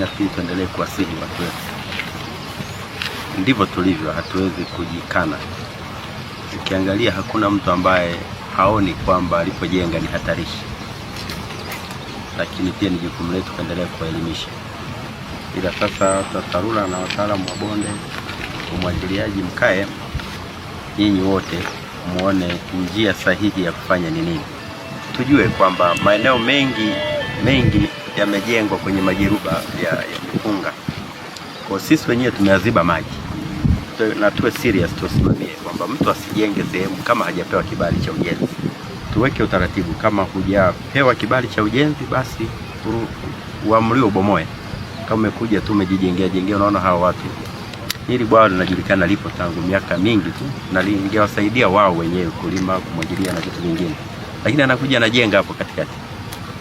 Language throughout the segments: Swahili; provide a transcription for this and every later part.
lakini nafikiri tuendelee kuwasihi watu wetu. Ndivyo tulivyo, hatuwezi kujikana. Ukiangalia hakuna mtu ambaye haoni kwamba alipojenga ni hatarishi, lakini pia ni jukumu letu kuendelea kuwaelimisha. Ila sasa TARURA na wataalamu wa bonde umwagiliaji, mkae nyinyi wote muone njia sahihi ya kufanya ni nini. Tujue kwamba maeneo mengi mengi yamejengwa kwenye majiruba ya, ya mpunga. Kwa sisi wenyewe tumeaziba maji na tuwe serious, tusimamie kwamba mtu asijenge sehemu kama hajapewa kibali cha ujenzi. Tuweke utaratibu, kama hujapewa kibali cha ujenzi basi uamriwe ubomoe. Kama umekuja tu umejijengea jengea, unaona hawa watu hili bwawa linajulikana lipo tangu miaka mingi tu, na lingewasaidia wao wenyewe kulima, kumwagilia na vitu vingine, lakini anakuja anajenga hapo katikati.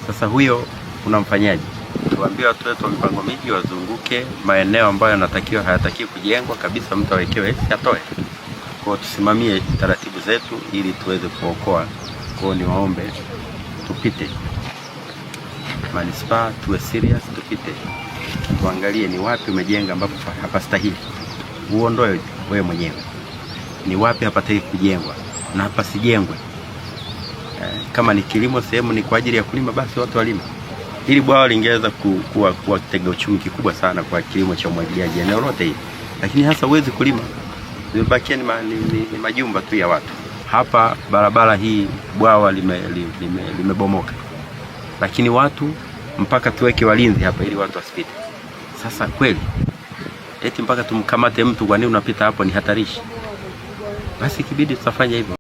Sasa huyo unamfanyaje? Tuambie watu wetu wa mipango miji wazunguke maeneo ambayo yanatakiwa hayatakiwi kujengwa kabisa, mtu awekewe atoe. Kwa tusimamie taratibu zetu ili tuweze kuokoa. Kwa ni waombe tupite manispaa, tuwe serious, tupite tuangalie ni wapi umejenga ambapo hapastahili, uondoe wewe mwenyewe. Ni wapi hapatakiwi kujengwa na hapasijengwe. Eh, kama ni kilimo sehemu ni kwa ajili ya kulima, basi watu walime. Hili bwawa lingeweza kuwa, kuwa kitega uchumi kikubwa sana kwa kilimo cha umwagiliaji eneo lote hili, lakini hasa huwezi kulima, zimebakia ni, ni, ni, ni majumba tu ya watu hapa. Barabara hii bwawa limebomoka, lime, lime, lime lakini watu mpaka tuweke walinzi hapa ili watu wasipite. Sasa kweli eti mpaka tumkamate mtu, kwa nini unapita hapo? Ni hatarishi. Basi kibidi tutafanya hivyo.